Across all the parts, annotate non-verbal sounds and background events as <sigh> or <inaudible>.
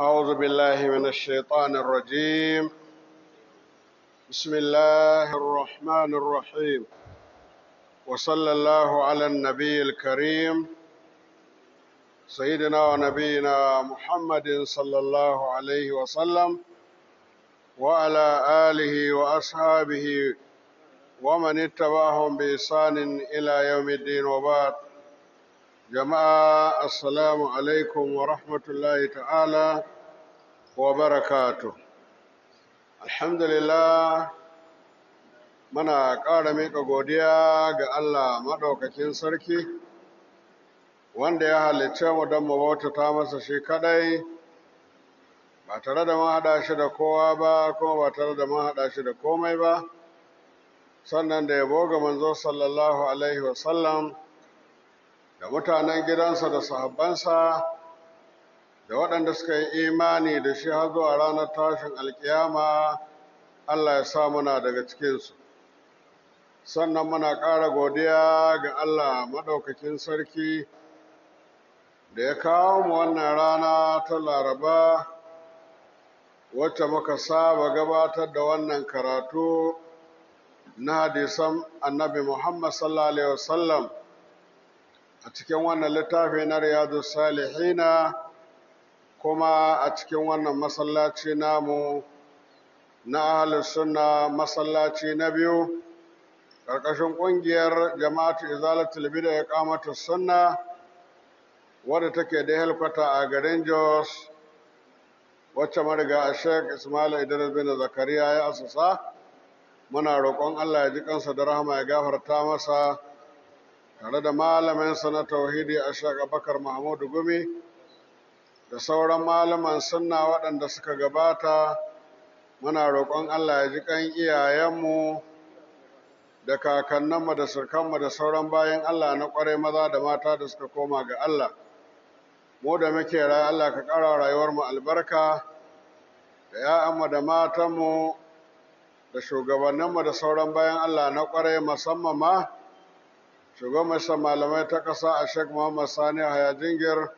أعوذ بالله من الشيطان الرجيم بسم الله الرحمن الرحيم وصلى الله على النبي الكريم سيدنا ونبينا محمد صلى الله عليه وسلم وعلى آله وأصحابه ومن اتبعهم بإحسان إلى يوم الدين وبعد jama'a assalamu alaikum wa rahmatullahi ta'ala wa barakatu alhamdulillah muna ƙara miƙa godiya ga allah maɗaukakin sarki wanda ya halicce mu don mu bautata masa shi kaɗai ba tare da mahaɗa shi da kowa ba kuma ba tare da mahaɗa shi da komai ba sannan da ya boga manzo sallallahu alaihi wasallam da mutanen gidansa da sahabbansa da waɗanda suka yi imani da shi har zuwa ranar tashin alkiyama Allah ya sa muna daga cikinsu sannan muna ƙara godiya ga Allah maɗaukakin sarki da ya kawo mu wannan rana ta laraba wacce muka saba gabatar da wannan karatu na hadisan annabi Muhammad sallallahu Alaihi wasallam a cikin wannan littafi na riyadu salihina kuma a cikin wannan masallaci namu na suna masallaci na biyu ƙarƙashin ƙungiyar jama'atu izalatul bida ya kamata sunna wadda take da helkwata a garin jos wacce mariga a sheik ismail idris bin zakariya ya asusa muna roƙon allah ya ji kansa da rahama ya gafarta masa tare da malaminsa na tauhidi a shagabakar mahmudu gumi da sauran malaman sunna waɗanda suka gabata muna roƙon allah ya ji ƙan iyayenmu da kakanninmu da surkanmu da sauran bayan allah na ƙwarai maza da mata da suka koma ga allah mu da muke rayu allah ka ƙara rayuwarmu albarka da ya'anmu da matanmu da shugabanninmu da sauran bayan allah na ƙwarai musamman ma shugaban masar malamai ta ƙasa a shek muhammad sani haya jingir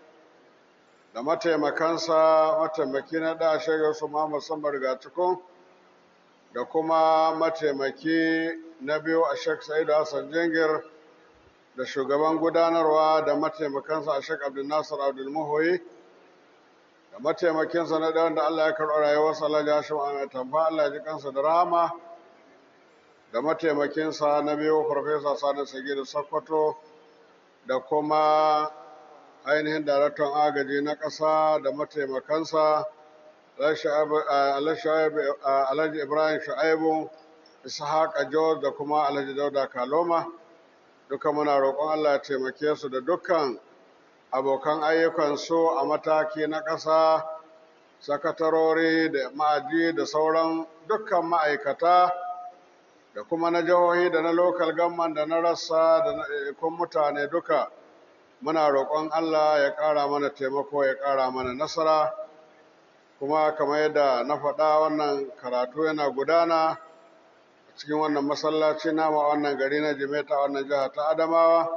da mataimakansa mataimaki na da shek yusuf muhammad samar gatukun da kuma mataimaki na biyu a shek sa'idu hassan jingir da shugaban gudanarwa da mataimakansa a shek abdul nasir abdul muhoyi da mataimakinsa na ɗayan da allah ya karɓi rayuwarsa alhaji hashim a tamfa allah ya ji kansa da rahama da mataimakinsa na biyu farfesa sani sagiru sokoto da kuma ainihin daraktan agaji na ƙasa da mataimakansa alhaji ibrahim shu'aibu ishaq george da kuma alhaji dauda kaloma duka muna roƙon allah ya taimake su da dukkan abokan ayyukansu a mataki na ƙasa sakatarori da ma'aji da sauran dukkan ma'aikata da kuma na jihohi da na local government da na rasa da na ikon eh, mutane duka muna roƙon Allah ya ƙara mana taimako ya ƙara mana nasara kuma kamar yadda na faɗa wannan karatu yana gudana cikin wannan masallaci nama wannan gari na jimeta wannan jiha ta adamawa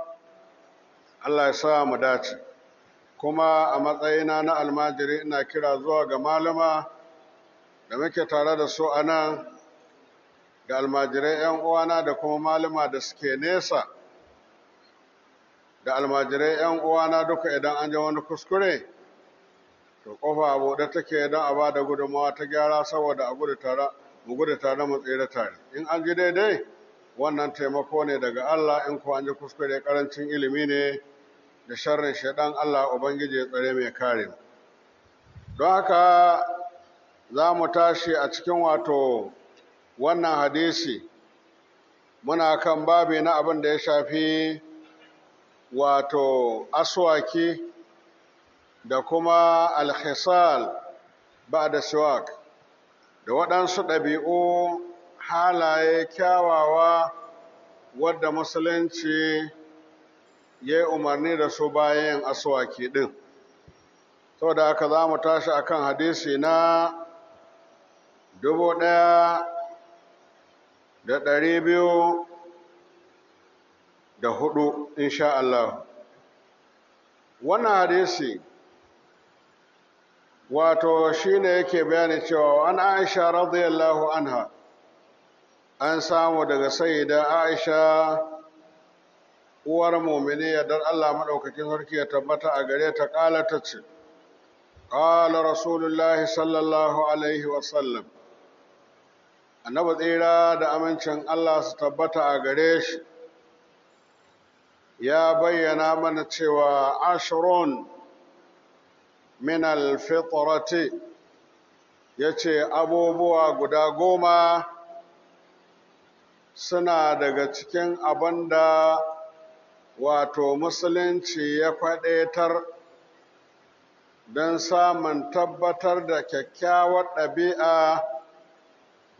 Allah ya sa mu dace kuma a matsayina na almajiri ina kira zuwa ga malama da muke tare da su a nan ga almajirai 'yan uwana da kuma malama da suke nesa da almajirai 'yan uwana duka idan an ji wani kuskure to kofa abu da take don a ba da gudunmawa ta gyara saboda a gudu tare mu gudu tare mu tsere tare in an ji daidai wannan taimako ne daga Allah in ko an ji kuskure karancin ilimi ne da sharrin shaidan Allah ubangiji tsare mai kare don haka za mu tashi a cikin wato wannan hadisi muna kan babi na abin da ya shafi wato aswaki da kuma alhisal ba da siwak da waɗansu ɗabi'u halaye kyawawa wadda musulunci ya yi umarni da su bayan aswaki ɗin saboda haka za mu tashi kan hadisi na dubu ɗaya da ɗari biyu da hudu insha'Allah. Allah wannan hadisi wato shine yake bayani cewa an aisha radiyallahu anha an samu daga sayida aisha uwar mumini don Allah maɗaukakin sarki ya tabbata a gare ta ƙala ta ce ƙala rasulullahi sallallahu alaihi wasallam annaba tsira da amincin Allah su tabbata a gare shi ya bayyana mana cewa ashirin min alfitrati ya ce abubuwa guda goma suna daga cikin abin da wato musulunci ya faɗetar don samun tabbatar da kyakkyawar ɗabi'a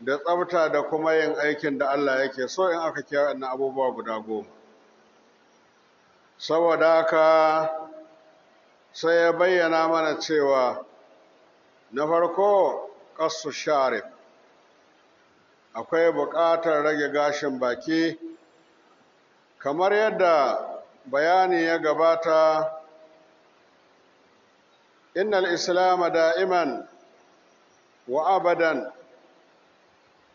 da tsabta da kuma yin aikin da Allah yake so in aka kira wannan abubuwa guda goma saboda haka sai ya bayyana mana cewa na farko ƙasu sharif akwai buƙatar rage gashin baki kamar yadda bayani ya gabata innal islam da'iman wa abadan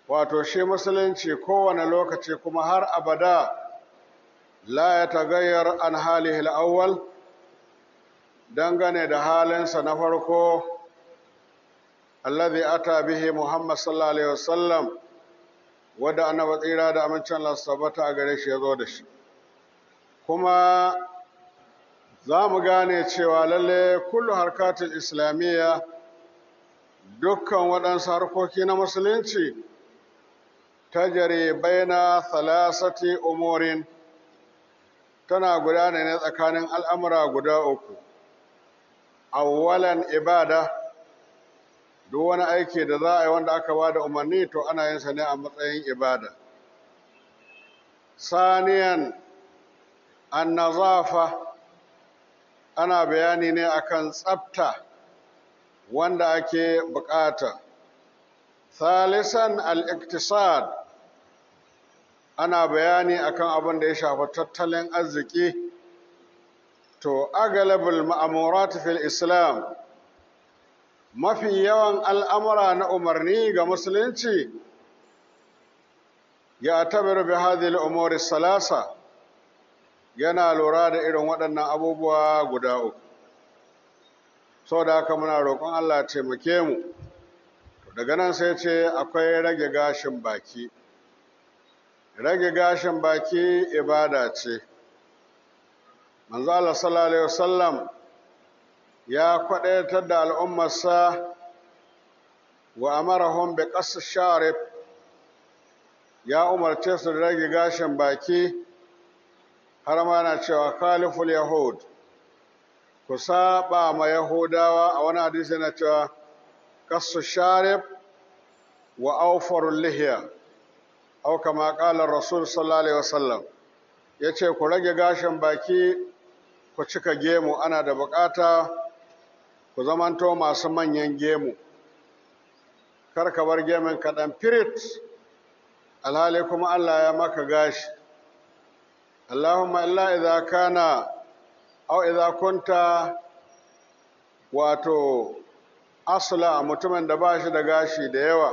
wato shi musulunci kowane lokaci kuma har abada la ya tagayyar an hali awwal dangane da halinsa na farko alladhi ata bihi muhammad sallallahu alaihi wasallam wadda annaba tsira da amincin lasabata a gare shi ya zo da shi kuma za mu gane cewa lalle kullu harkatun islamiyya dukkan waɗansu harkoki na musulunci tajari baina salasati umurin tana gudana ne tsakanin al'amura guda uku awwalan ibada duk wani aiki da za a yi wanda aka ba da umarni to ana yin sa ne a matsayin ibada saniyan annazafa ana bayani ne akan tsafta wanda ake bukata thalisan al-iktisad ana bayani akan abin da ya shafi tattalin arziki to agalabul ma'amurat fil islam mafi yawan al'amura na umarni ga musulunci ya tabar bi hadhihi al'umuri salasa yana lura da irin waɗannan abubuwa guda uku saboda haka muna roƙon Allah taimake mu daga nan sai ce akwai rage gashin baki rage gashin baki ibada ce manzo Allah sallallahu alaihi wasallam ya kwadaitar da al'ummarsa wa amarahum bi qas sharif ya umarce su rage gashin baki har ma na cewa khaliful yahud ku saba ma yahudawa a wani hadisi na cewa qas sharif wa awfarul lihiya au kama qala rasul sallallahu alaihi wasallam yace ku rage gashin baki ku cika gemu ana da bukata ku zamanto masu manyan gemu kar ka bar gemin kaɗan firit alhali kuma Allah ya maka gashi Allahumma illa idza kana aw idza kunta wato asla mutumin da ba shi da gashi da yawa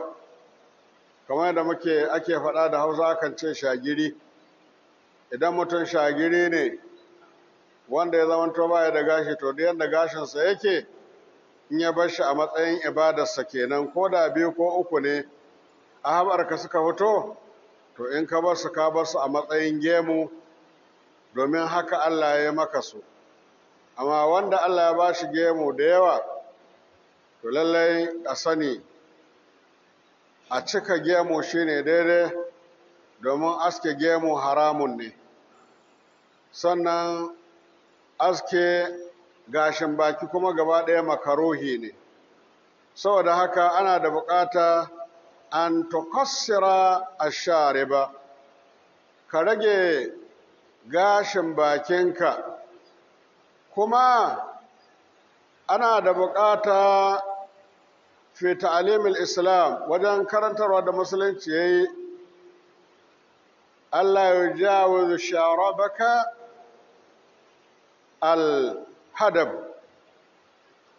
kamar da muke ake faɗa da hausa kan ce shagiri idan mutum shagiri ne wanda ya zama to baya da gashi to da yadda gashinsa yake in ya bar shi a matsayin ibadarsa kenan ko da biyu ko uku ne a habarka suka fito to in ka bar su ka bar su a matsayin gemu domin haka Allah ya maka su amma wanda Allah ya ba shi gemu da yawa to lallai a sani a cika gemu shine daidai domin aske gemu haramun ne sannan aske gashin baki kuma gaba ɗaya makarohi ne saboda haka ana da bukata an tukassira a share ba ka rage gashin bakinka kuma ana da buƙata fi ta'alimul islam wajen karantarwa da musulunci yayi Allah ya jawo sharabaka al-hadab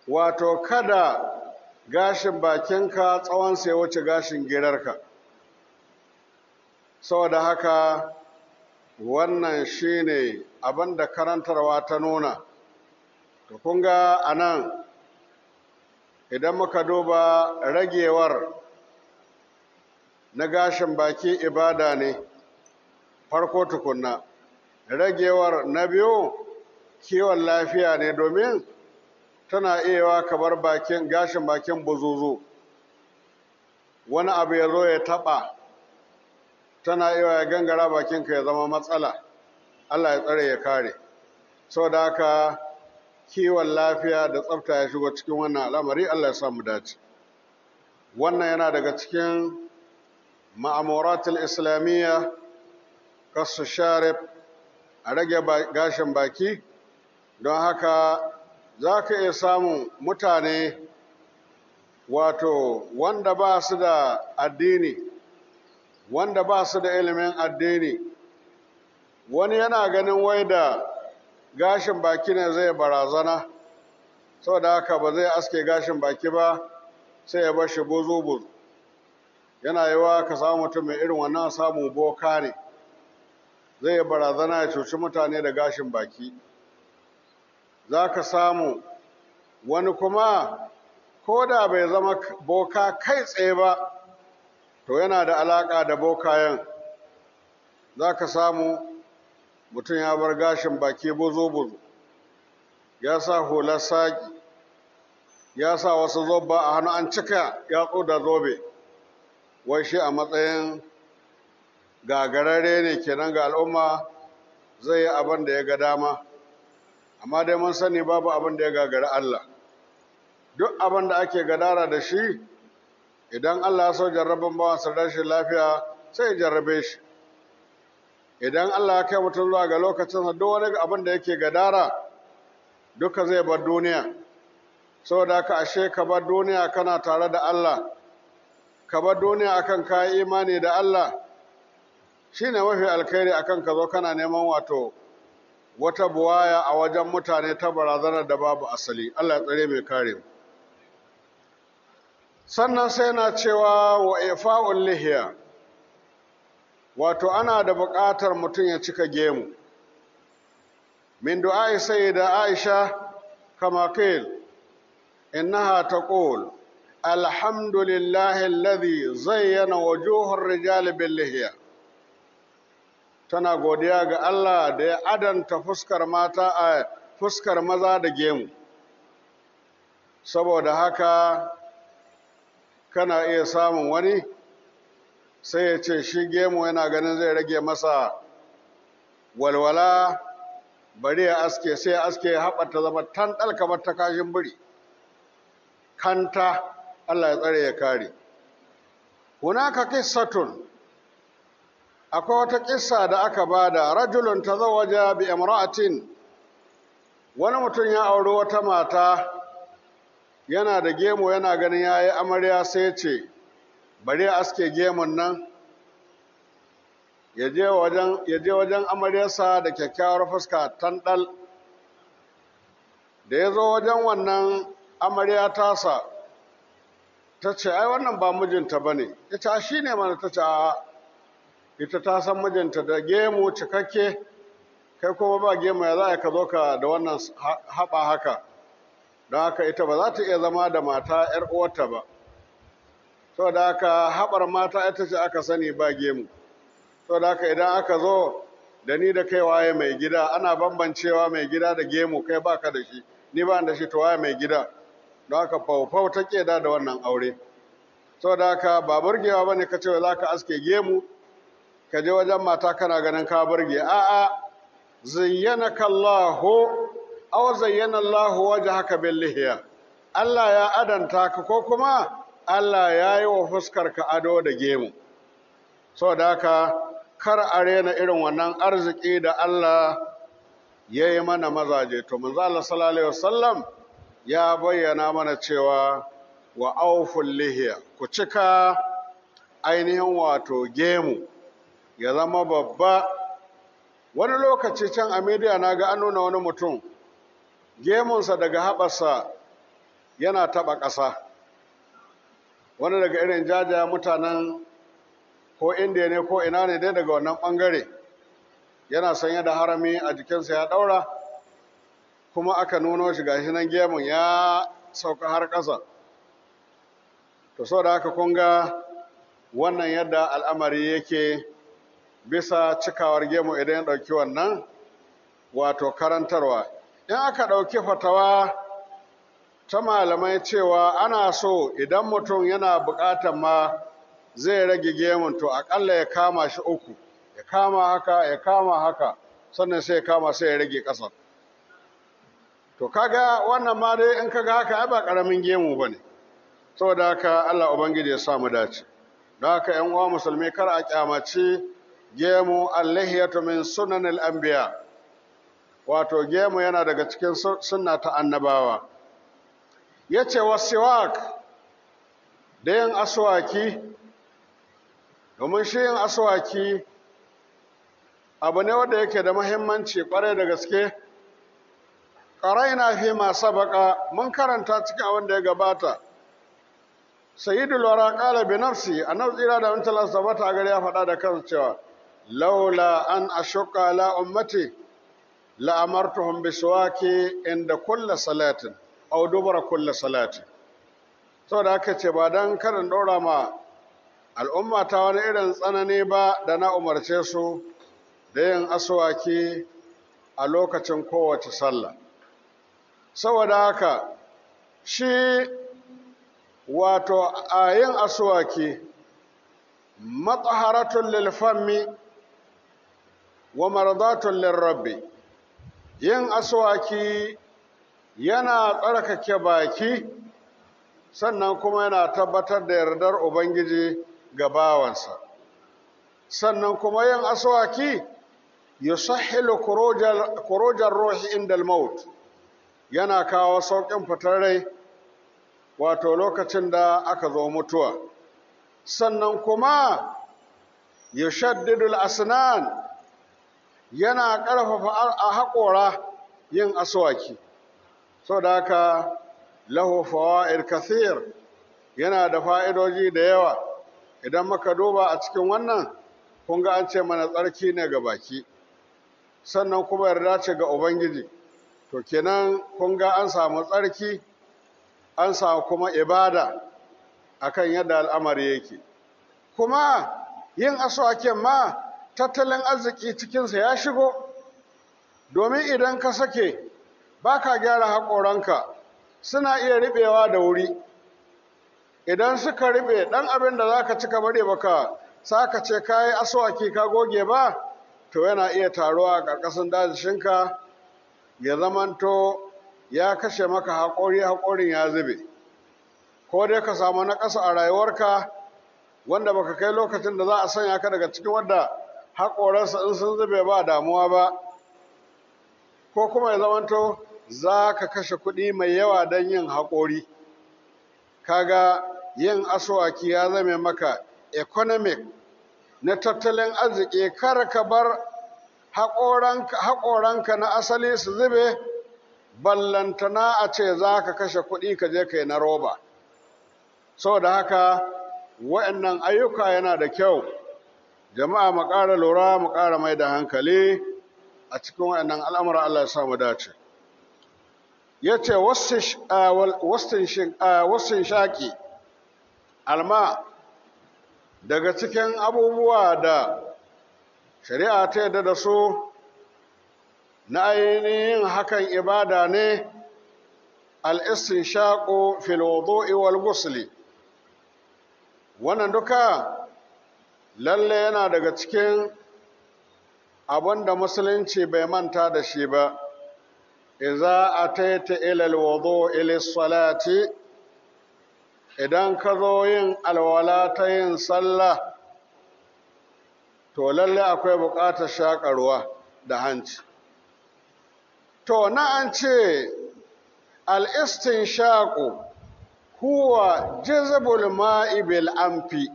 wato kada gashin bakinka tsawon sai wuce gashin girarka saboda haka wannan shine abin da karantarwa ta nuna to kun ga anan idan muka duba ragewar na gashin baki ibada ne farko tukunna ragewar na biyu kiwon lafiya ne domin tana iyawa kamar bakin gashin bakin buzuzu wani abu ya zo ya taɓa tana iyawa ya gangara bakinka ya zama matsala allah ya tsare ya kare sau da aka kiwon lafiya da tsafta ya shigo cikin wannan al'amari Allah ya samu dace wannan yana daga cikin ma'amuratul islamiyya kasu share a rage gashin baki don haka za ka iya samun mutane wato wanda ba su da addini wanda ba su da ilimin addini wani yana ganin wai da gashin baki ne zai barazana saboda haka ba zai aske gashin baki ba sai ya bashi shi buzu-buzu yana wa ka samu mutum mai irin wannan samu boka ne zai yi barazana ya cuci mutane da gashin baki za ka samu wani kuma ko da bai zama boka kai tsaye ba to yana da alaƙa da bokayen za ka samu mutum ya bar gashin baki bozo-bozo ya sa hula saki ya sa wasu zobba a hannu an cika yatsu da zobe wai shi a matsayin gagararre ne kenan ga al'umma zai yi abin da ya ga dama amma dai mun sani babu abin da ya gagari Allah duk abin da ake gadara da shi idan Allah ya so bawan bawansa rashin lafiya sai ya jarrabe shi idan Allah ya kai mutum zuwa ga lokacinsa duk wani abin da yake gadara duka zai bar duniya saboda ka ashe ka bar duniya kana tare da Allah ka bar duniya akan kayan imani da Allah shine mafi alkhairi akan ka zo kana neman wato wata buwaya a wajen mutane ta barazanar da babu asali Allah ya tsare mai kare sannan sai na cewa wa ifa'ul lihiya wato ana da buƙatar mutum ya cika gemu min du'a'i sayyida aisha kama kail innaha taqul alhamdulillahi alladhi zayyana wujuhar rijal bil lihya tana godiya ga Allah da ya adanta fuskar mata a fuskar maza da gemu saboda haka kana iya samun wani sai ya ce shi gemu yana ganin zai rage masa walwala bari ya aske sai aske ya haɓa zama tan ɗalkamar ta kashin biri kanta allah ya tsare ya kare hunaka kissatun akwai wata kissa da aka ba da? rajulun ta tazawwaja bi imra'atin wani mutum ya auri wata mata yana da gemu yana ganin yayi amarya sai ya ce bari ya aske gemun nan ya je wajen amaryarsa da kyakkyawar fuska tanɗal da ya zo wajen wannan amarya tasa ta ce ai wannan ba mijinta ba ne ya ce shi ne mana ta ce ita ta san mijinta da gemu cikakke kai kuma ba gemu ya za ka zo ka da wannan haɓa haka don haka ita ba za ta iya zama da mata 'yar'uwarta ba da aka haɓar mata ita ce aka sani ba gemu da aka idan aka zo da ni da kai waye mai gida ana bambancewa mai gida da gemu kai baka da shi ni ba da shi to waye mai gida don aka faufau ta keda da wannan aure da aka ba burgewa bane ka ce za ka aske gemu ka je wajen mata kana ganin ka burge a'a zayyana kallahu aw zayyana Allahu wajhaka bil lihiya Allah ya adanta ka ko kuma Allah ya yi wa ka ado da gemu da haka kar a rena irin wannan arziki da Allah ya yi mana mazaje to za Allah sallallahu alaihi wasallam ya bayyana mana cewa wa auful lihiya ku cika ainihin wato gemu ya zama babba wani lokaci can a media na ga an nuna wani mutum gemunsa daga haɓarsa yana taɓa ƙasa wani daga irin jajaya mutanen ko indiya ne ko ina ne dai daga wannan ɓangare yana sanye da harami a jikinsa ya ɗaura kuma aka nuno shi gashi nan gemun ya sauka har ƙasa to so da haka kunga wannan yadda al'amari yake bisa cikawar gemu idan ya ɗauki wannan wato karantarwa in aka ɗauki fatawa ta malamai cewa ana so idan mutum yana buƙatar ma zai rage gemun to aƙalla ya kama shi uku ya kama haka ya kama haka sannan sai ya kama sai ya rage ƙasar to kaga wannan ma dai in kaga haka ai ba ƙaramin gemu ba ne saboda haka allah ubangiji ya samu dace don haka uwa musulmi kar a kyamaci gemu allahiyatu min sunan anbiya. wato gemu yana daga cikin sunna ta annabawa ya ce wasiwak da yin aswaki domin shi yin aswaki abu ne wanda yake da mahimmanci kwarai da gaske ƙaraina fi masu baƙa mun karanta cikin abin da ya gabata sayidu lura ƙala bi nafsi a nan tsira da wani talasta bata a gari ya faɗa da kansu cewa laula an ashuka la ummati la amartuhum ke inda kulla salatin audubar dubara kulle salati saboda haka ce ba dan karin ɗora ma al'umma ta wani irin tsanani ba da na umarce su da yin asuwaki a lokacin kowace sallah saboda haka shi wato a yin asuwaki matsaharatun lilfammi wa maradatun lirrabbi yin asuwaki. yana tsarkake baki sannan kuma yana tabbatar da yardar ubangiji ga bawansa sannan kuma yin asuwaki ya yusahhilu kurojar ruhi inda maut yana kawo sauƙin fitar rai wato lokacin da aka zo mutuwa sannan kuma ya shaddidul asnan yana ƙarfafa a haƙora yin aswaki saboda haka lahu fawa'id kasir yana da fa'idoji da yawa idan muka duba a cikin wannan kun ga an ce mana tsarki ne ga baki sannan kuma yarda ce ga ubangiji to kenan kun ga an samu tsarki an samu kuma ibada akan yadda al'amari yake kuma yin aswakin ma tattalin arziki cikinsa ya shigo domin idan ka sake ba ka gyara haƙoranka suna iya riɓewa da wuri idan suka riɓe ɗan abin da za ka ci cika bare baka ka ce ka yi aswaki ka goge ba to yana iya taruwa a ƙarƙashin dajishinka ya zamanto ya kashe maka haƙori haƙorin ya zube ko dai ka samu na ƙasa a rayuwarka wanda baka kai lokacin da za a sanya ka daga cikin wadda haƙoransa in sun zube ba damuwa ba ko kuma ya zamanto za ka kashe kuɗi mai yawa don yin haƙori kaga yin asuwaki ya zame maka economic na tattalin arziki kar ka bar haƙoranka na asali su zube ballantana a ce za ka kashe kuɗi ka je kai na roba saboda haka wa'annan ayyuka yana da kyau jama'a mu ƙara lura mu ƙara mai da hankali a cikin wa'annan al'amura Allah ya sa mu dace ya ce wasan shaƙi alma daga cikin abubuwa da shari'a ta yadda da su na ainihin hakan ibada ne al'isin shaƙo filozo iwal gusli wannan duka lalle yana daga cikin abin da musulunci bai manta da shi ba iza ataita ila alwudu ila salati idan ka zo yin alwala ta yin sallah to lalle akwai buƙatar shakarwa da hanci to na an ce al-istinshaqu huwa jizibul ma'i bil amfi,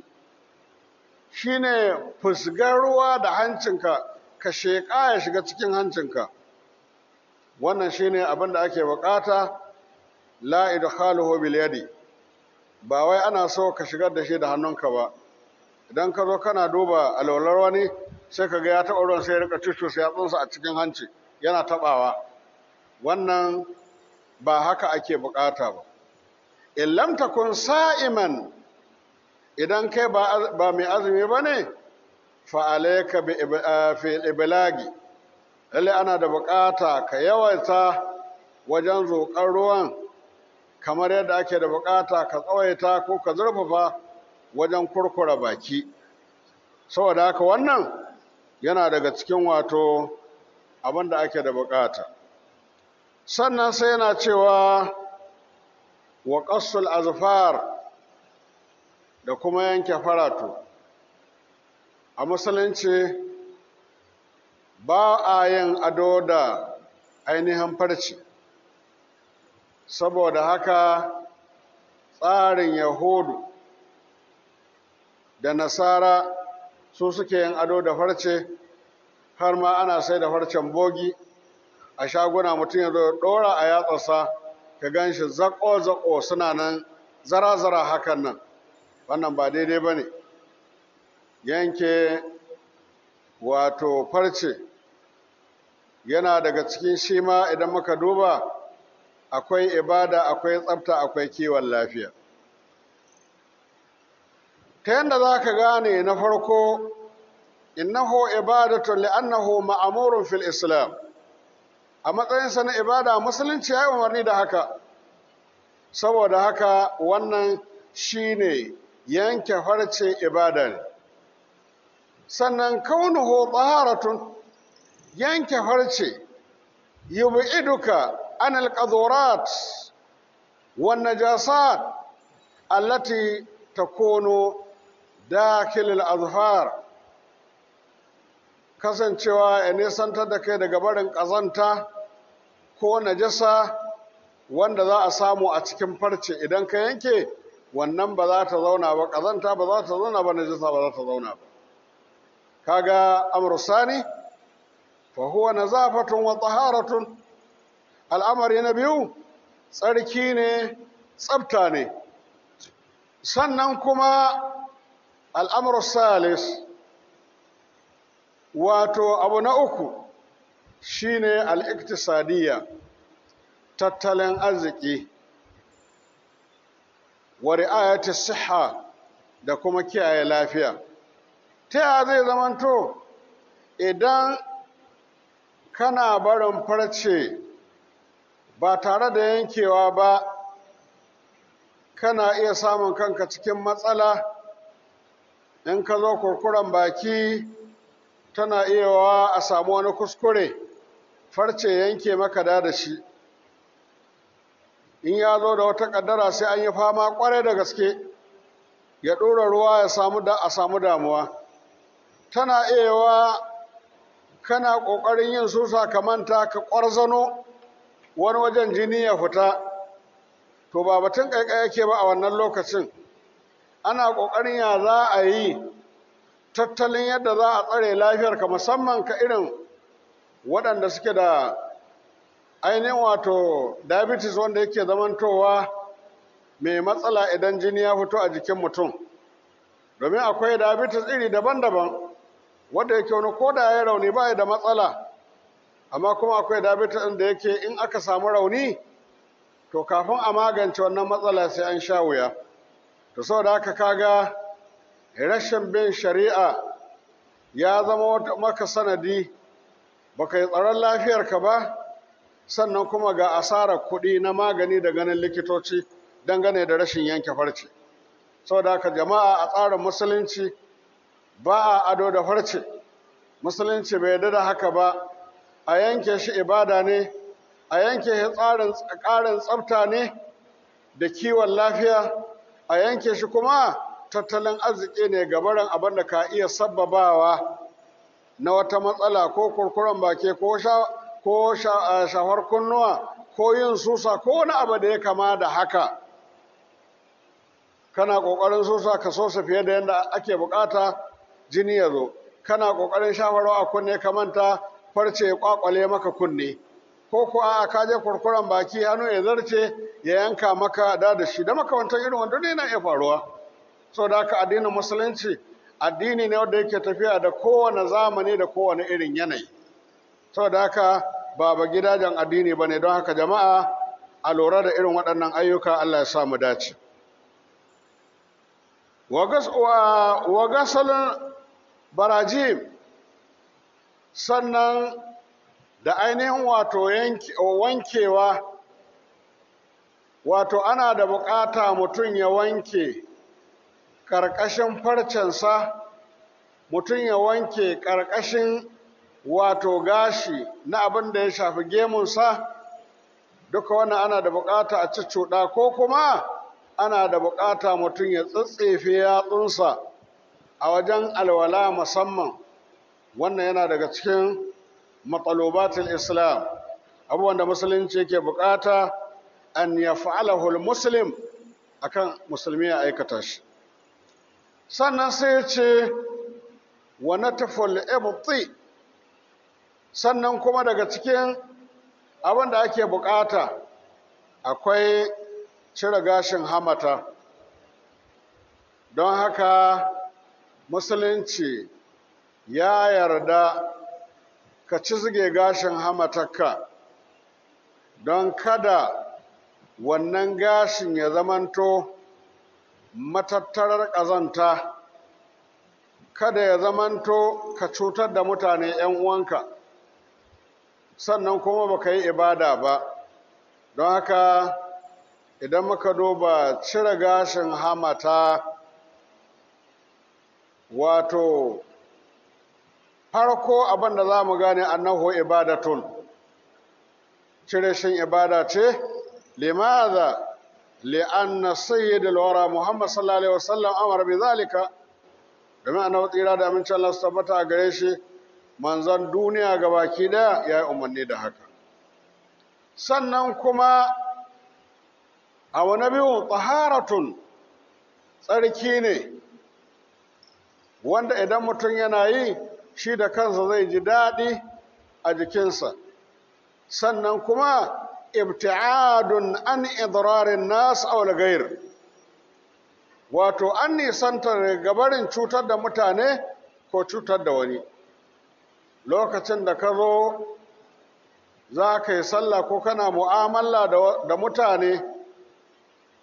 shine fusgar ruwa da hancinka ka sheƙa ya shiga cikin hancinka wannan shine abin da ake bukata la idkhaluhu bil biliyadi. ba wai ana so ka shigar da shi da hannunka ba idan ka zo kana duba alwalar wani sai ka ga ya taɓa ruwan sai ya rika ya a cikin hanci yana taɓawa wannan ba haka ake bukata ba in lam sa'iman idan kai ba mai azumi ba ne fa ka bi eh, iblagi lalle ana da bukata ka yawaita wajen zoƙar ruwan kamar yadda ake da bukata ka tsawaita ko ka zurfafa wajen kurkura baki saboda haka wannan yana daga cikin wato abin da ake da bukata sannan sai yana cewa wa ƙasul azfar da kuma yanke faratu a musulunci ba a yin ado da ainihin farci saboda haka tsarin yahudu da nasara su suke yin ado da farce har ma ana sai da farcen bogi a shaguna mutum ya zo ya ɗora a yatsarsa ka gan shi zaƙo-zaƙo suna nan zara-zara hakan nan wannan ba daidai ba ne yanke wato farce yana daga cikin shi ma idan muka duba akwai ibada akwai tsafta akwai kiwon lafiya ta yadda za ka gane na farko innahu ibadatun li'annahu ma'amurin fil islam a matsayinsa na ibada musulunci ya yi umarni da haka saboda haka wannan shine yanke farce ibada ne sannan kaunuhu taharatun yanke harce iduka an alqadurat wan najasat allati ta kono al-azhar kasancewa ya nisantar da kai daga barin ƙazanta ko najasa wanda za a samu a cikin farce idan ka yanke wannan ba za ta zauna ba ƙazanta ba za ta zauna ba najasa ba za ta zauna ba kaga Sani? wa huwa nazafatun wa taharatun al'amari na biyu tsarki ne tsabta ne sannan kuma al'amru salis wato abu na uku shine al'iktisadiyya tattalin arziki wa ri'ayati siha da kuma kiyaye lafiya ta yaya zai zamanto idan kana barin farce ba tare da yankewa ba kana iya samun kanka cikin matsala in ka zo kurkuren baki tana iya wa a samu wani kuskure farce yanke maka da shi in ya zo da wata kaddara sai an yi fama kwarai da gaske ya ɗora ruwa ya samu a samu damuwa tana iya wa kana ƙoƙarin yin susa ka manta ka ƙwarzano wani wajen jini ya fita to ba batun ƙaiƙa yake ba a wannan lokacin ana ƙoƙarin ya za a yi tattalin yadda za a tsare lafiyarka musamman ka irin waɗanda suke da ainihin wato diabetes wanda yake zamantowa mai matsala idan jini ya fito a jikin mutum domin akwai diabetes iri daban-daban wanda yake wani ko da ya rauni ba da matsala amma kuma akwai dabita ɗin da yake in aka samu rauni to kafin a magance wannan matsala sai an sha wuya to saboda haka kaga rashin bin shari'a ya zama maka sanadi baka yi tsaron lafiyarka ba sannan kuma ga asarar kuɗi na magani da ganin likitoci dangane da rashin yanke farce saboda haka jama'a a tsarin musulunci ba a ado da farce musulunci bai yarda da haka ba a yanke shi ibada ne a yanke shi tsarin ƙarin tsafta ne da kiwon lafiya a yanke shi kuma tattalin arziki ne gabaran abin da ka iya sabbabawa na wata matsala ko kurkuren baki ko shafar kunnuwa ko yin susa ko wani abu da ya kama da haka kana ƙoƙarin susa ka sosa fiye da yadda ake buƙata jini ya zo kana ƙoƙarin shafarwa a kunne ka manta farce ya ƙwaƙwale maka kunne ko ko a ka je kurkuran baki hannu ya zarce ya yanka maka da da shi da maka wancan irin wanda ne na iya faruwa da haka addinin musulunci addini ne wanda yake tafiya da kowane zamani da kowane irin yanayi saboda haka ba baba gidajen addini ba ne don haka jama'a a lura da irin waɗannan ayyuka Allah ya sa mu dace wa gasalin baraji sannan da ainihin wato wankewa wato ana da bukata mutum ya wanke ƙarƙashin farcensa mutum ya wanke ƙarƙashin wato gashi na abin da ya shafi gemunsa duka wannan ana da bukata a cuccuɗa ko kuma ana da bukata mutum ya tsatsefe yatsunsa a wajen alwala musamman wannan yana daga cikin matsalobatul islam abubuwan da musulunci ke bukata an ya fa'alahul muslim akan musulmi ya aikata shi sannan sai ya ce wa na ibti sannan kuma daga cikin abin da ake bukata akwai cire gashin hamata don haka musulunci ya yarda ka ci zuge gashin hamatarka don kada wannan gashin ya zamanto matattarar ƙazanta kada ya zamanto ka cutar da mutane 'yan uwanka sannan kuma baka yi ibada ba don haka idan muka duba cire gashin hamata wato farko abinda da za mu gane annahu ibadatun cire shin ibada ce limaza li'anna al wara muhammad sallallahu alaihi wasallam amara bi zalika domin annabi tsira da amincin Allah su tabbata gare shi manzon duniya gabaki daya ya yi umarni da haka sannan kuma a wani biyu taharatun tsarki ne wanda idan mutum yana yi shi da kansa zai ji daɗi a jikinsa sannan kuma ibti'adun an idrarin nas aw ghair wato an nisanta gabarin cutar da mutane ko cutar da wani lokacin da ka zo za ka yi sallah ko kana mu'amala da mutane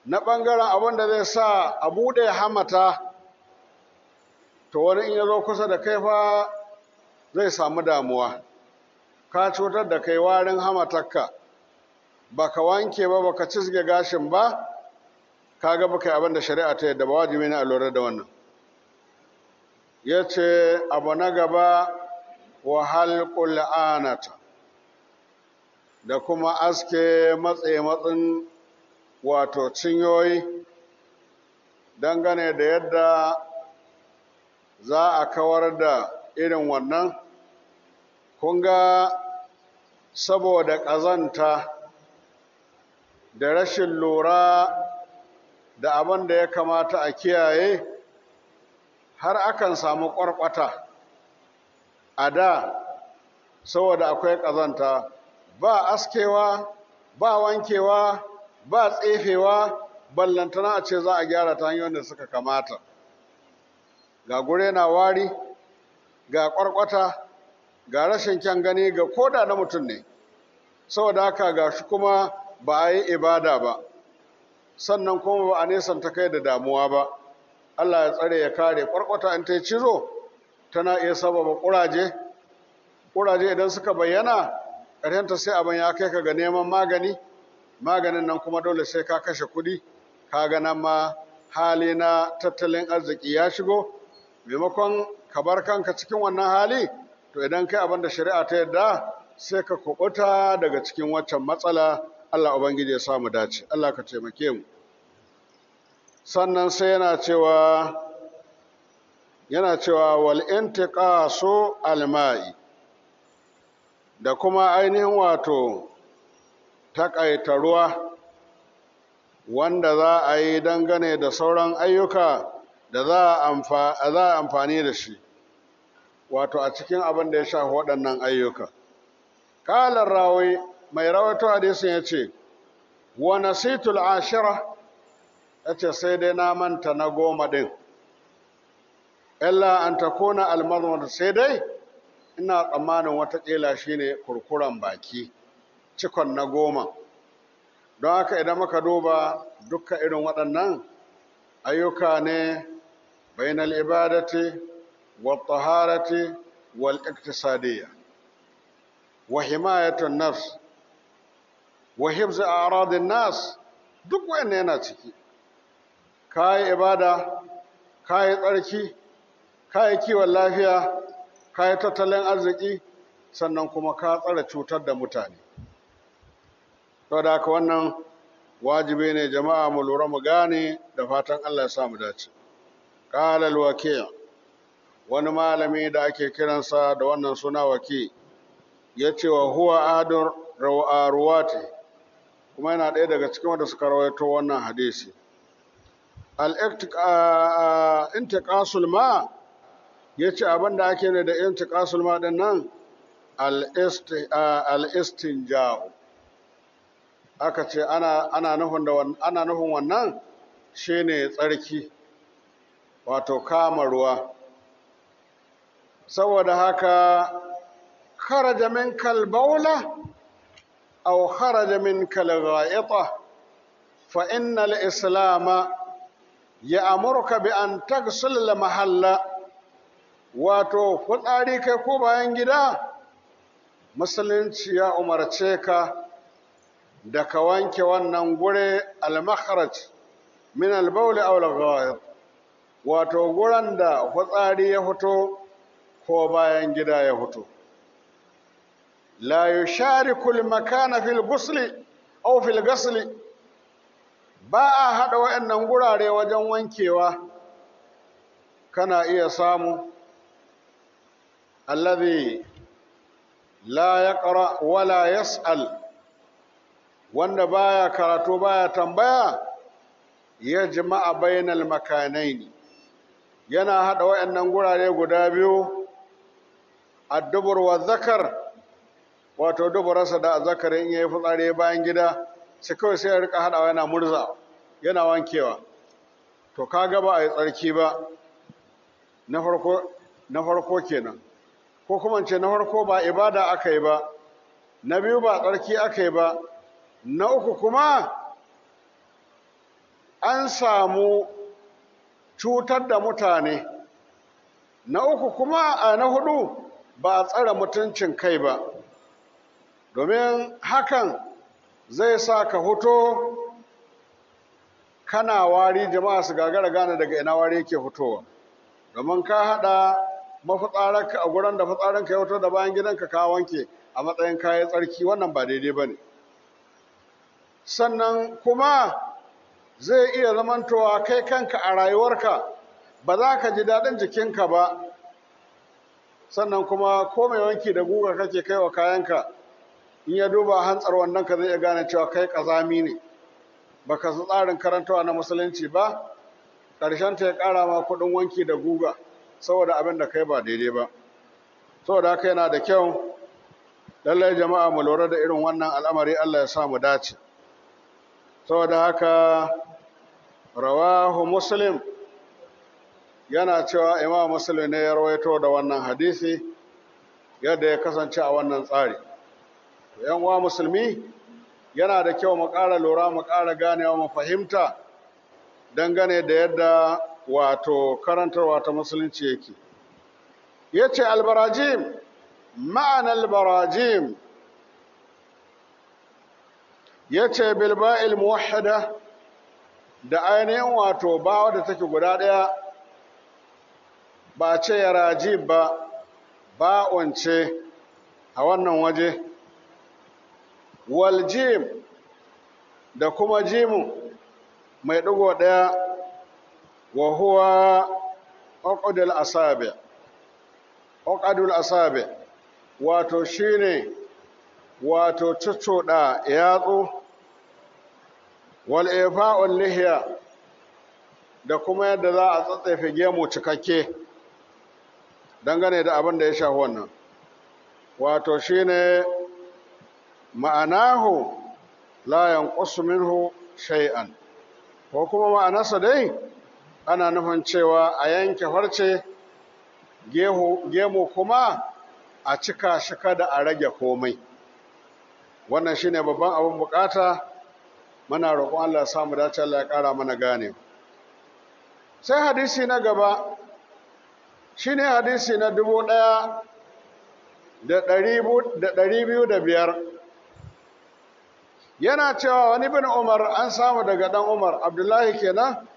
na ɓangaren abin da zai sa a buɗe hamata to wani in ya zo kusa da kai fa zai samu damuwa ka cutar da kai warin hamatakka baka wanke ba baka cizge gashin ba Ka baka yi abin da shari'a ta yadda ba wajibi ne a lura da wannan ya ce abu na gaba wa halƙul anata da kuma aske matse matsin wato cinyoyi dangane da yadda za a kawar da irin wannan kun ga saboda ƙazanta da rashin lura da abin da ya kamata a kiyaye har akan samu ƙwarƙwata a da saboda akwai ƙazanta ba askewa ba wankewa ba tsefewa ballantana a ce za a gyara ta hanyoyin da suka kamata ga gure na wari ga kwarkwata ga rashin kyan gani ga koda na mutum ne saboda haka ga shi kuma ba a yi ibada ba sannan kuma ba a ta kai da damuwa ba Allah ya tsare ya kare kwarkwata in ta cizo tana iya sababa kuraje kuraje idan suka bayyana ƙarshenta sai abin ya kai ka ga neman magani maganin nan kuma dole sai ka kashe kuɗi ka ga nan ma hali na tattalin arziki ya shigo maimakon ka bar kanka cikin wannan hali to idan kai abin da shari'a ta yarda sai ka kubuta daga cikin waccan matsala Allah ubangiji ya samu dace Allah ka taimake mu sannan sai yana cewa yana cewa wal intiqasu alma'i da kuma ainihin wato takaita ruwa wanda za a yi dangane da sauran ayyuka da za a amfani da shi wato a cikin abin da ya shafi waɗannan ayyuka kalar rawai mai rawato hadisin ya ce wa nasitul ashira ya ce sai dai na manta na goma ɗin illa an ta takuna almazmar sai dai ina tsammanin watakila shine kurkuren baki cikon na goma don haka idan muka duba dukkan irin waɗannan ayyuka ne بين العبادة والطهارة والاقتصادية وحماية النفس وحفظ أعراض الناس duk wanda yana ciki ka yi ibada ka yi tsarki ka yi kiwon lafiya ka yi tattalin arziki sannan kuma ka tsara cutar da mutane saboda haka wannan wajibi ne jama'a mu lura mu gane da fatan allah ya sa mu dace ƙalal waki wani malami da ake kiransa da wannan suna waki ya ce wa huwa adun ruwati kuma yana ɗaya daga cikin wanda suka rawaito wannan hadisi al-intiqasul ma ya ce abin da ake ne da intiqasul ma ɗin nan al-istinja'u aka ce ana nufin wannan shine tsarki wato kama ruwa saboda haka kharaja min kalbaula aw kharaja min kalgha'ita fa al islama ya'muruka bi an tagsil mahalla wato fudari kai ko bayan gida musulunci ya umarce ka da ka wanke wannan gure al makhraj min al-bawl aw al wato guran da hutsari ya fito ko bayan gida ya fito la yusharikul makana fil gusli au fil gasli ba a haɗa waɗannan gurare wajen wankewa kana iya samu alladhi la yaqra wala yas'al wanda baya karatu baya tambaya ya jama'a bainal makanaini yana haɗa waɗannan gurare guda biyu a dubur zakar wato duburarsa da zakar ya yi fitsari bayan gida sai kawai sai ya rika haɗawa yana murza yana wankewa to kaga ba a yi tsarki ba na farko kenan ko kuma ce na farko ba ibada aka yi ba na biyu ba tsarki aka yi ba na uku kuma an samu cutar da mutane na uku kuma a na hudu ba a tsare mutuncin kai ba domin hakan zai sa ka hoto kana wari jama'a su gagara gane daga ina wari yake hutowa, domin ka haɗa mafitsararka a gurin da fitsarinka ya hoto da bayan gidanka ka wanke a matsayin kayan tsarki wannan ba daidai ba ne sannan kuma zai iya zamantowa kai kanka a rayuwarka ba za ka ji daɗin jikinka ba sannan kuma ko mai wanki da guga kake kai wa kayanka in ya duba hantsar wannan ka zai iya gane cewa kai ƙazami ne ba ka tsarin karantawa na musulunci ba ƙarshen ta ya ƙara ma kuɗin wanki da guga saboda abin da kai ba daidai ba saboda haka yana da kyau lallai jama'a mu lura da irin wannan al'amari Allah ya sa mu dace saboda haka rawahu muslim yana cewa imam muslim ne ya rawaito da wannan hadisi yadda ya kasance a wannan tsari yan uwa musulmi yana da kyau mu ƙara lura mu ƙara ganewa mu fahimta dangane da yadda wato karantarwa ta musulunci yake ya ce albarajim ma'an albarajim yace ce bilba'il muwahada da ainihin wato ba da take guda ɗaya ba ce ya raji ba ba'unce a wannan waje waljim da kuma jimu mai ɗigo ɗaya wa huwa Asabe. asabi uqdul asabi wato shine wato cuccuɗa yatsu wal ifa'ul lihiya da kuma yadda za a tsatsefe gemu cikakke dangane da abin da ya shafi wannan wato shine ma'anahu la yanqusu minhu shay'an ko kuma ma'anarsa dai ana nufin cewa a yanke farce gemu kuma a cika shi kada a rage komai wannan shine babban abin bukata muna roƙon Allah ya samu dace Allah ya ƙara mana gane sai hadisi na gaba shi ne hadisi na dubu ɗaya da ɗari biyu da biyar yana cewa wani bin umar an samu daga ɗan umar abdullahi kenan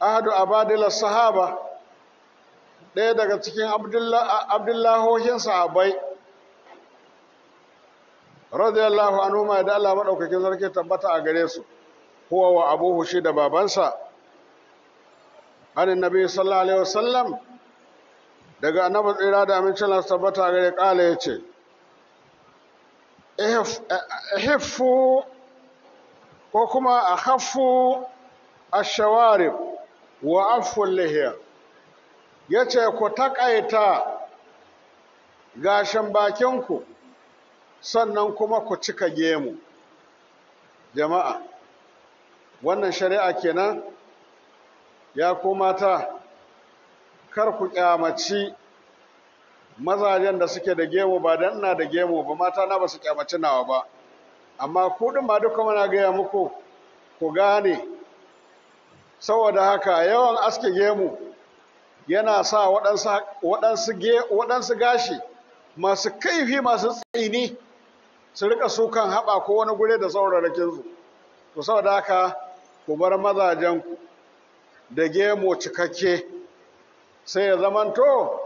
ahadu abadila sahaba ɗaya daga cikin abdullahohin sahabai radiyallahu anhu ma da Allah madaukakin sarki tabbata a gare su huwa wa Abu shi da babansa anin nabi sallallahu alaihi wasallam daga annabi tsira da amincin Allah tabbata a gare kala yace ihfu ko kuma akhafu ash-shawarib wa afu lihiya yace ku takaita gashin ku. sannan kuma ku cika gemu jama'a wannan shari'a kenan ya kuma ta kar ku kyamaci mazajen da suke da gemu ba dan ina da gemu ba mata na ba su kyamaci nawa ba amma ku din ma duka muna gaya muku ku gane saboda haka yawan aske gemu yana sa waɗansu gashi masu kaifi masu tsini su rika kan haɓa ko wani gure da saurarakinsu to saboda haka ku bar mazajenku da gemu cikakke sai ya zamanto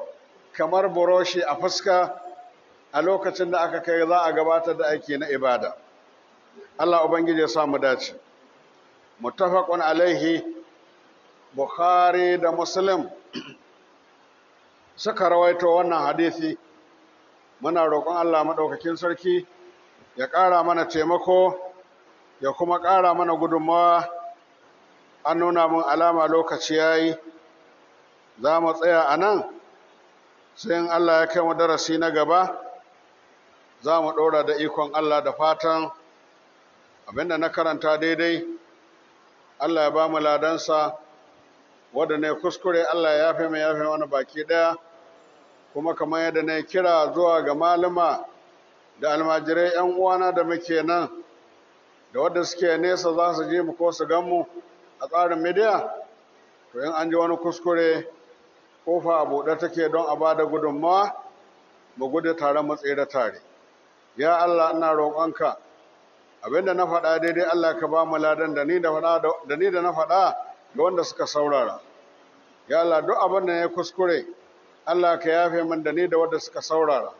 kamar buroshi a fuska a lokacin da aka kai za a gabata da aiki na ibada Allah Ubangiji ya mu dace muttafaqun alaihi Bukhari da Muslim suka rawaito wannan hadisi muna roƙon Allah madaukakin sarki ya ƙara mana taimako ya kuma ƙara mana gudunmawa an nuna mun alama lokaci ya yi za mu tsaya a nan sai in allah ya kai mu darasi na gaba za mu ɗora da ikon allah da fatan abinda na karanta daidai allah ya ba mu ladansa wadda ne kuskure allah ya yafe mai yafe wani baki ɗaya kuma kamar yadda na kira zuwa ga malama da almajirai 'yan uwana da muke nan da wadda suke nesa za su je mu ko su gan mu a tsarin midiya to in an ji wani kuskure kofa a buɗe take don a ba da gudunmawa mu gudu tare mu tsere tare ya allah ina roƙonka abinda na faɗa daidai allah ka ba mu ladan da ni da na faɗa ga wanda suka saurara ya allah duk abin da ya kuskure allah ka yafe min da ni da wanda suka saurara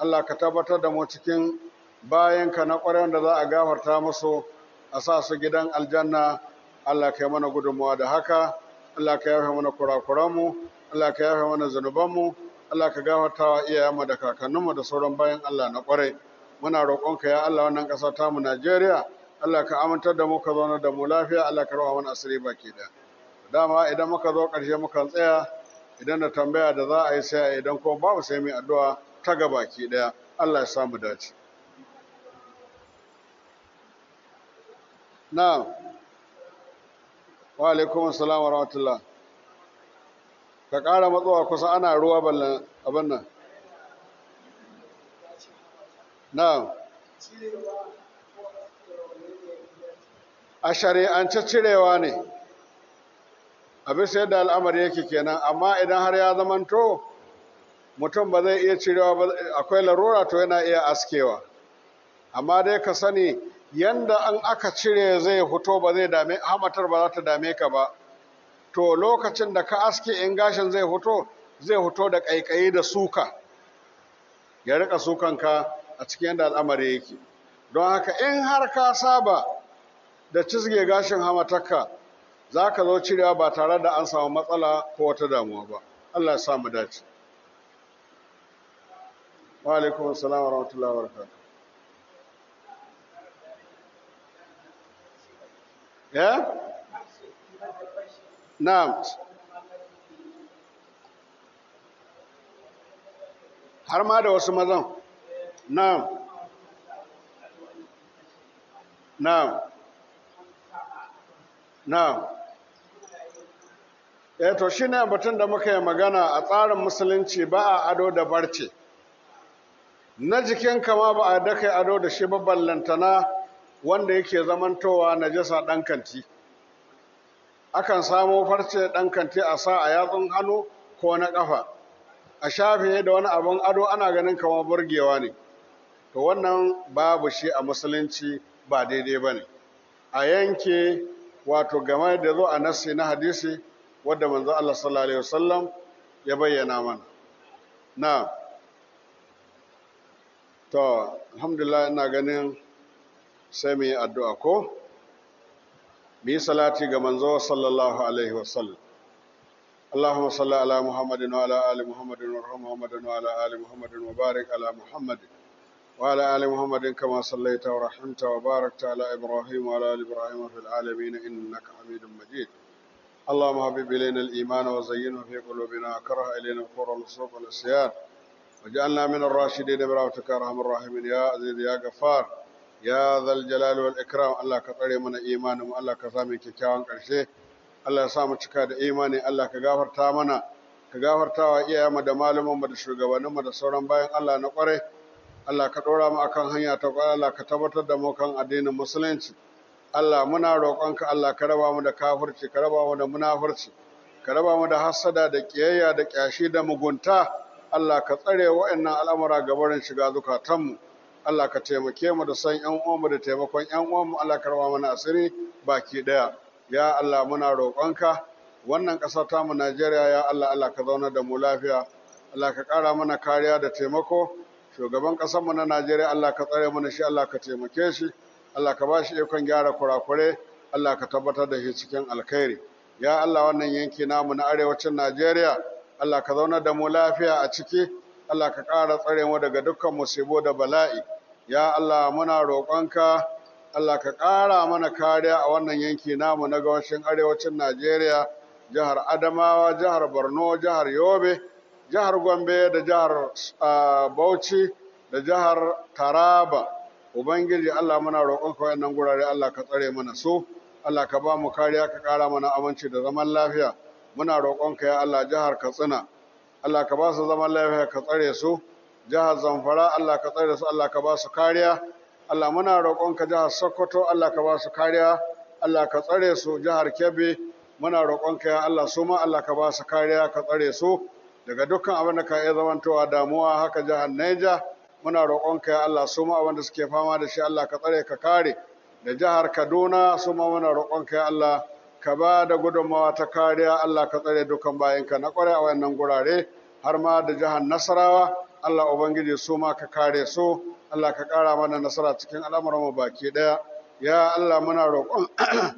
Allah ka tabbatar da mu cikin bayanka na ƙwarar da za a gafarta musu a sa su gidan aljanna Allah ka yi mana gudunmawa da haka Allah ka yafe mana kurakuranmu Allah ka yafe mana zunubanmu Allah ka gafarta wa iyayenmu da kakanninmu da sauran bayan Allah na ƙwarai muna roƙonka ya Allah wannan ƙasa tamu Najeriya Allah ka amintar da mu ka zauna da mu lafiya Allah ka rawa mana asiri baki da dama idan muka zo ƙarshe mukan tsaya idan da tambaya da za a yi sai idan ko babu sai mai addu'a ta gabaki daya Allah ya samu dace Na, wa alaikum assalam wa rahmatullah ka ƙara matsowa kusa ana ruwa ballan abin nan na'am a shari'ance cirewa ne abin sai da al'amari yake kenan amma idan har ya zamanto mutum ba zai iya cirewa ba akwai larura to yana iya askewa amma dai ka sani yanda an aka cire zai fito ba zai dame hamatar ba za ta dame ka ba to lokacin da ka aske in gashin zai fito zai fito da kaikayi da suka ya rika ka a cikin yadda al'amari yake don haka in har ka saba da cizge gashin hamatarka za ka zo cirewa ba tare da an samu matsala ko wata damuwa ba allah ya samu dace وعليكم alaikum ورحمة الله وبركاته wa نعم ya har ma da wasu mazan na'am na'am na'am Eto, eh, shine batun da muka yi magana a tsarin musulunci ba a ado da barce na jikin kama ba a daka ado da shi ba ballantana wanda yake zamantowa najasa ɗan kanti akan samo farce ɗan kanti a sa a yatsun hannu ko na ƙafa a shafe da wani abin ado ana ganin kamar burgewa ne to wannan babu shi a musulunci ba daidai ba ne a yanke wato game da zo a nassi na hadisi wadda manzo Allah sallallahu alaihi wasallam ya bayyana mana na'am to alhamdulillah ina ganin sai mu yi addu'a ko mu yi salati ga manzo sallallahu alaihi wasallam اللهم صل على محمد وعلى آل محمد وارحم محمد وعلى آل محمد وبارك على محمد وعلى آل محمد كما صليت ورحمت وباركت على إبراهيم وعلى آل إبراهيم في العالمين إنك حميد مجيد اللهم حبب إلينا الإيمان وزينه في قلوبنا كره إلينا الكفر والفسوق والعصيان وجعلنا من الراشدين برحمتك يا ارحم الراحمين يا عزيز يا غفار يا ذا الجلال والاكرام الله كتري من ايمان الله كسامي كيكاون قرشه الله يسامو cika da imani Allah ka gafarta mana ka gafarta wa iyayenmu da malumanmu da shugabanninmu da sauran bayan Allah na kware Allah ka dora mu akan hanya ta kware Allah ka tabbatar da mu kan addinin musulunci Allah muna roƙonka Allah ka raba mu da kafirci ka raba mu da munafurci ka raba mu da hassada da kiyayya da kyashi da mugunta Allah ka tsare wa'annan al'amura gabarin shiga zukatanmu Allah ka taimake mu da san ƴan uwanmu da taimakon ƴan uwanmu Allah ka rawa mana asiri baki ɗaya ya Allah muna roƙonka wannan ƙasa ta mu Najeriya ya Allah Allah ka zauna da mu lafiya Allah ka ƙara mana kariya da taimako shugaban ƙasar mu na Najeriya Allah ka tsare mana shi Allah ka taimake shi Allah ka ba shi ikon gyara kurakure Allah ka tabbatar da shi cikin alkhairi ya Allah wannan yanki namu na arewacin Najeriya Allah ka zauna da mu lafiya a ciki Allah ka ƙara tsare mu daga dukkan musibo da bala'i ya Allah muna roƙonka Allah ka ƙara mana kariya a wannan yanki namu na gabashin arewacin Najeriya jihar Adamawa jihar Borno jihar Yobe jihar Gombe da jihar ah, Bauchi da jihar Taraba Ubangiji Allah muna roƙonka wayannan gurare Allah ka tsare mana su Allah ka ba mu kariya ka ƙara mana aminci da zaman lafiya muna roƙonka ya Allah jihar Katsina Allah ka ba su zaman lafiya ka tsare su jihar Zamfara Allah ka tsare su Allah ka ba su kariya Allah muna roƙonka jihar Sokoto Allah ka ba su kariya Allah ka tsare su jihar Kebbi muna roƙonka ya Allah su ma Allah ka ba su kariya ka tsare su daga dukkan abin da ka iya zamantowa damuwa haka jihar Niger muna roƙonka ya Allah su ma abin da suke fama da shi Allah ka tsare ka kare da jihar Kaduna su ma muna roƙonka ya Allah ka ba da gudunmawa ta kariya Allah ka tsare dukan bayanka na ƙware a wannan gurare har ma da jihar Nasarawa Allah Ubangiji su ma ka kare su Allah ka ƙara mana nasara cikin al'amuranmu baki ɗaya ya Allah muna roƙon <clears throat>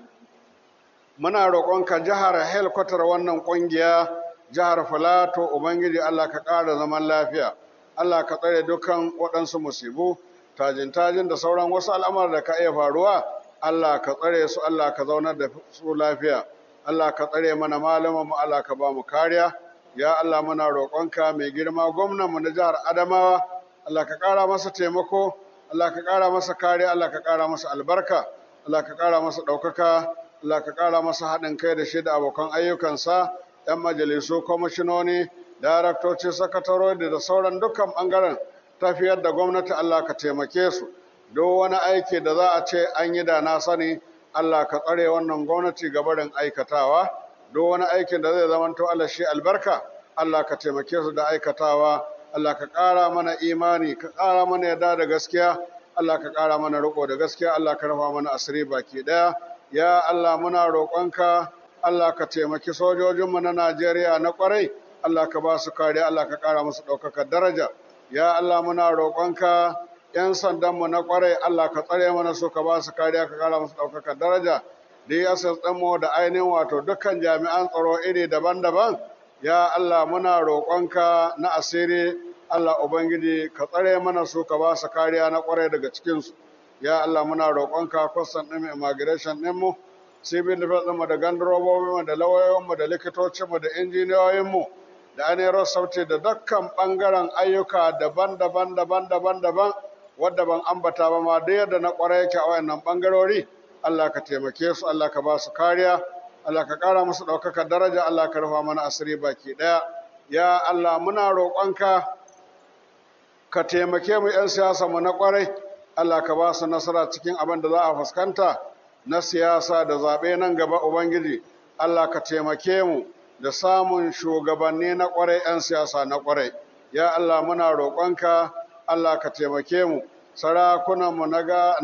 muna ka jihar helkwatar wannan ƙungiya jihar Filato Ubangiji Allah ka ƙara zaman lafiya Allah ka tsare dukan waɗansu musibu tajin-tajin da sauran wasu al'amuran da ka iya faruwa Allah ka tsare su Allah ka zaunar da su lafiya Allah ka tsare mana malaman mu Allah ka ba mu kariya ya Allah muna roƙonka mai girma gwamnan mu na jihar Adamawa Allah ka ƙara masa taimako Allah ka ƙara masa kariya Allah ka ƙara masa albarka Allah ka ƙara masa ɗaukaka Allah ka ƙara masa haɗin kai da shi da abokan ayyukansa 'yan majalisu kwamishinoni daraktoci sakatarori da sauran dukkan ɓangaren tafiyar da gwamnati Allah ka taimake su duk wani aiki da za a ce an yi da na sani Allah ka tsare wannan gwamnati ga barin aikatawa duk wani aikin da zai zama to Allah shi albarka Allah ka taimake su da aikatawa Allah ka ƙara mana imani ka ƙara mana yarda da gaskiya Allah ka ƙara mana riƙo da gaskiya Allah ka rafa mana asiri baki ɗaya ya Allah muna roƙonka Allah ka taimaki sojojinmu na Najeriya na ƙwarai Allah ka ba su kariya Allah ka ƙara musu ɗaukakar daraja ya Allah muna roƙonka 'yan sandanmu na kwarai Allah ka tsare mana su ka ba su kariya ka kara musu ɗaukaka daraja da ya mu da ainihin wato dukkan jami'an tsaro iri daban-daban ya Allah muna roƙonka na asiri Allah Ubangiji ka tsare mana su ka ba su kariya na kwarai daga cikinsu ya Allah muna roƙonka kwastan ɗin immigration ɗinmu civil defense ɗinmu da mu da lauyoyinmu da likitocinmu da injiniyoyinmu da ainihin rossauti da dukkan ɓangaren ayyuka daban-daban daban-daban daban wadda ban ambata ba ma da yadda na kwarai yake a wayannan bangarori Allah ka taimake su Allah ka ba su kariya Allah ka ƙara musu ɗaukakar daraja Allah ka rufa mana asiri baki ɗaya ya Allah muna roƙonka ka taimake mu 'yan siyasa mu na kwarai Allah ka ba su nasara cikin abin da za a fuskanta na siyasa da zaɓe nan gaba Ubangiji Allah ka taimake mu da samun shugabanni na kwarai 'yan siyasa na kwarai ya Allah muna roƙonka Allah ka taimake mu sarakunanmu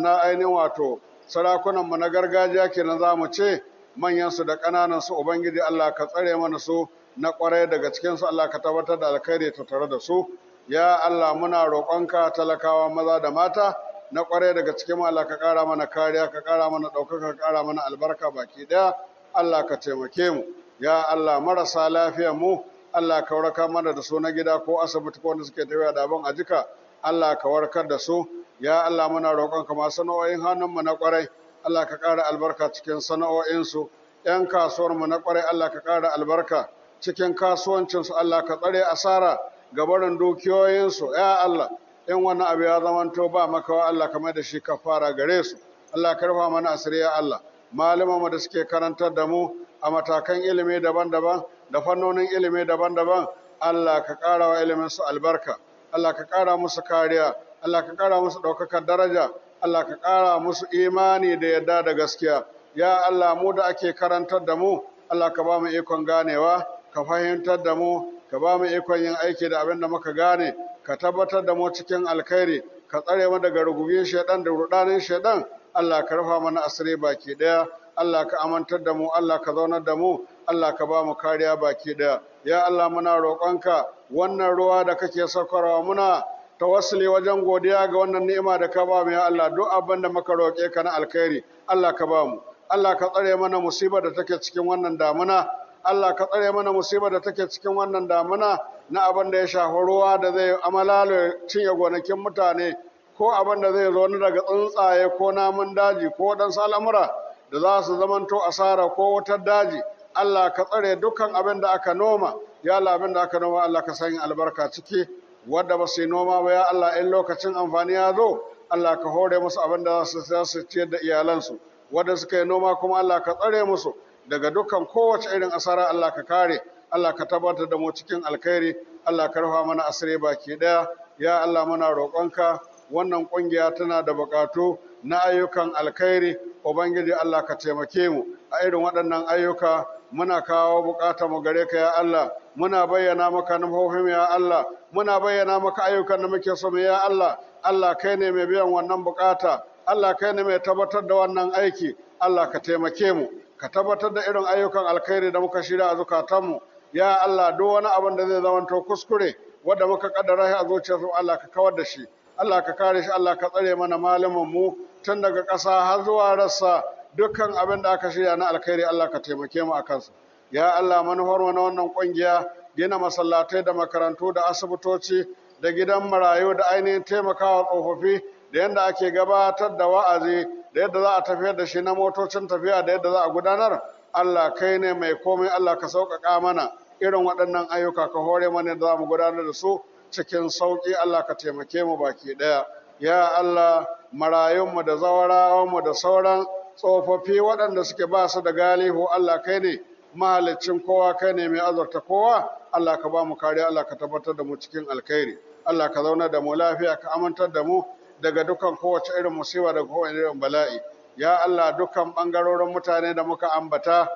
na ainihin wato sarakunanmu na gargajiya kenan za mu ce manyansu da ƙananansu ubangiji Allah ka tsare mana su na ƙwarai daga cikinsu Allah ka tabbatar da alkhairi ta tare da su ya Allah muna roƙonka talakawa maza da mata na ƙwarai daga cikin Allah ka ƙara mana kariya ka ƙara mana ɗaukaka ka ƙara mana albarka baki ɗaya Allah ka taimake mu ya Allah marasa lafiyar mu Allah ka mana da su na gida ko asibiti ko wanda suke tafiya da abin a jika Allah ka warkar da su ya Allah muna ka masu sana'o'in hannunmu na ƙwarai Allah ka ƙara albarka cikin sana'o'insu ‘yan kasuwarmu na ƙwarai Allah ka ƙara albarka cikin kasuwancinsu Allah ka tsare asara ga barin dukiyoyinsu ya Allah in wani abu ya zamanto ba makawa Allah kamar da shi ka fara gare su Allah ka rufa mana asiri ya Allah malamanmu da suke karantar da mu a matakan ilimi daban-daban da fannonin ilimi daban-daban Allah ka ƙara wa iliminsu albarka Allah ka ƙara musu kariya Allah ka ƙara musu ɗaukakar daraja Allah ka ƙara musu imani da yarda da gaskiya ya Allah mu da ake karantar da mu Allah ka ba mu ikon ganewa ka fahimtar da mu ka ba mu ikon yin aiki da abin da muka gane ka tabbatar da mu cikin alkhairi ka tsare mu daga rugubin shaidan da rudanin shaidan Allah ka rufa mana asiri baki ɗaya. Allah ka amantar da mu Allah ka zaunar da mu Allah ka ba mu kariya baki ɗaya. ya Allah muna roƙonka wannan ruwa da kake saukarwa muna tawassuli wajen godiya ga wannan ni'ima da ka ba mu ya Allah duk abin da muka roƙe ka na alkhairi Allah ka ba mu Allah ka tsare mana musibar da take cikin wannan damuna Allah ka tsare mana musibar da take cikin wannan damuna na abin da ya shafi ruwa da zai amalalo cinye gonakin mutane ko abin da zai zo na daga tsuntsaye ko namun daji ko waɗansu al'amura da za su zamanto asara ko wutar daji Allah ka tsare dukkan abin da aka noma ya Allah abin da aka noma Allah ka sanya albarka ciki wanda ba su noma ba ya Allah in lokacin amfani ya zo Allah ka hore musu abin da za su ciyar da iyalansu wanda suka yi noma kuma Allah ka tsare musu daga dukkan kowace irin asara Allah ka kare Allah ka tabbatar da mu cikin alkhairi Allah ka rufa mana asire baki daya ya Allah muna roƙonka wannan ƙungiya tana da buƙatu na ayyukan alkhairi ubangiji Allah ka taimake mu a irin waɗannan ayyuka muna kawo bukata mu gare ka ya Allah muna bayyana maka nufofin ya Allah muna bayyana maka ayyukan da muke so ya Allah Allah kai ne mai biyan wannan bukata Allah kai ne mai tabbatar da wannan aiki Allah ka taimake mu ka tabbatar da irin ayyukan alkhairi da muka shirya a zukatanmu ya Allah duk wani abin da zai to kuskure wanda muka kaddara shi a zuciyarsu Allah ka kawar da shi Allah ka kare shi Allah ka tsare mana malamin mu tun daga ƙasa har zuwa rassa dukkan abin da aka shirya na alkhairi Allah ka taimake mu a kansa ya Allah manufar na wannan kungiya gina masallatai da makarantu da asibitoci da gidan marayu da ainihin taimakawa tsofaffi da yadda ake gabatar da wa'azi da yadda za a tafiyar da shi na motocin tafiya da yadda za a gudanar Allah kai ne mai komai Allah ka sauƙaƙa mana irin waɗannan ayyuka ka hore mana da za mu gudanar da su cikin sauƙi Allah ka taimake mu baki ɗaya ya Allah marayunmu da zawarawanmu da sauran tsofaffi waɗanda suke ba su da galihu Allah kai ne mahaliccin kowa kai ne mai azurta kowa Allah ka ba mu kariya Allah ka tabbatar da mu cikin alkhairi Allah ka zauna da mu lafiya ka amintar da mu daga dukkan kowace irin musiba daga kowace irin bala'i ya Allah dukkan bangarorin mutane da muka ambata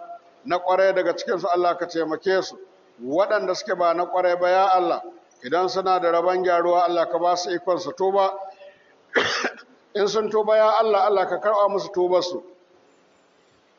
na kwarai daga cikin su Allah ka taimake su waɗanda suke ba na kwarai ba ya Allah idan suna da rabon gyaruwa Allah ka ba su ikon su tuba <coughs> in sun tuba ya Allah Allah ka karɓa musu tubar su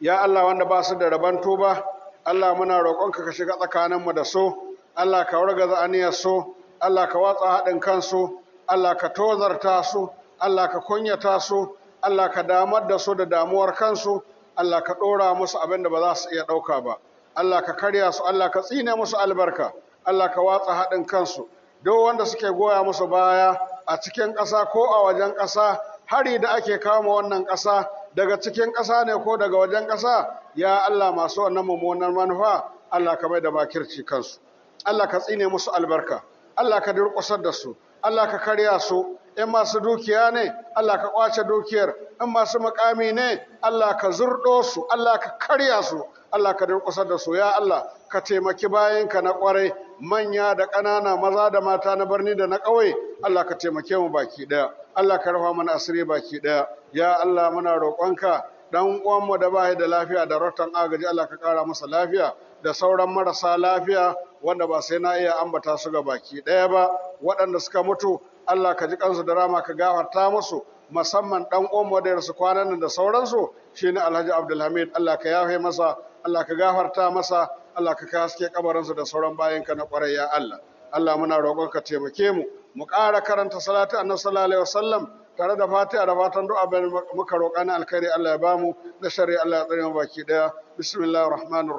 ya Allah wanda ba su da rabon tuba Allah muna roƙonka ka shiga tsakaninmu da su Allah ka wargaza aniyar su Allah ka watsa haɗin kansu Allah ka tozarta su Allah ka kunyata su Allah ka damar da su da damuwar kansu Allah ka ɗora musu abin da ba za su iya ɗauka ba Allah ka karya su Allah ka tsine musu albarka Allah ka watsa haɗin kansu duk wanda suke goya musu baya a cikin ƙasa ko a wajen ƙasa hari da ake kama wannan ƙasa daga cikin ƙasa ne ko daga wajen ƙasa ya Allah masu wannan mummunan manufa Allah ka bai da bakirci kansu Allah ka tsine musu albarka Allah ka durƙusar da su Allah ka karya su in masu dukiya ne Allah ka kwace dukiyar in masu makami ne Allah ka zurɗo su Allah ka karya su Allah ka durƙusar da su ya Allah ka taimaki bayanka na ƙwarai manya da ƙanana maza da mata na birni da na ƙauye Allah ka taimake mu baki ɗaya Allah ka rufa mana asiri baki ɗaya ya Allah muna roƙonka dan uwanmu da bai da lafiya da rotan agaji Allah ka ƙara masa lafiya da sauran marasa lafiya wanda ba sai na iya ambata su ga baki ɗaya ba waɗanda suka mutu Allah ka ji kansu da rama ka gafarta musu musamman dan uwanmu da yarsu kwanan nan da sauransu shine Alhaji Abdulhamid Allah ka yafe masa Allah ka gafarta masa Allah ka haske kabarinsa da sauran bayanka na ƙwarai ya Allah Allah muna roƙonka ka taimake mu mu ƙara karanta salatu annabi sallallahu alaihi wasallam tare da fata da fatan du'a bayan muka roƙa na alkhairi Allah ya bamu da shari Allah ya tsare mu baki daya bismillahir rahmanir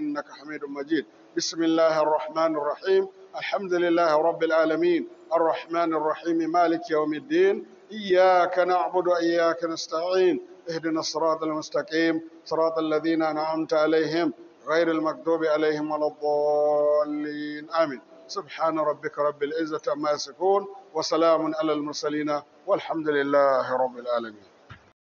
innaka Hamidum Majid bismillahir rahmanir rahim alhamdulillah rabbil alamin الرحمن الرحيم مالك اهدنا الصراط المستقيم صراط الذين أنعمت عليهم غير المكتوب عليهم ولا الضالين آمين سبحان ربك رب العزة عما يصفون وسلام على المرسلين والحمد لله رب العالمين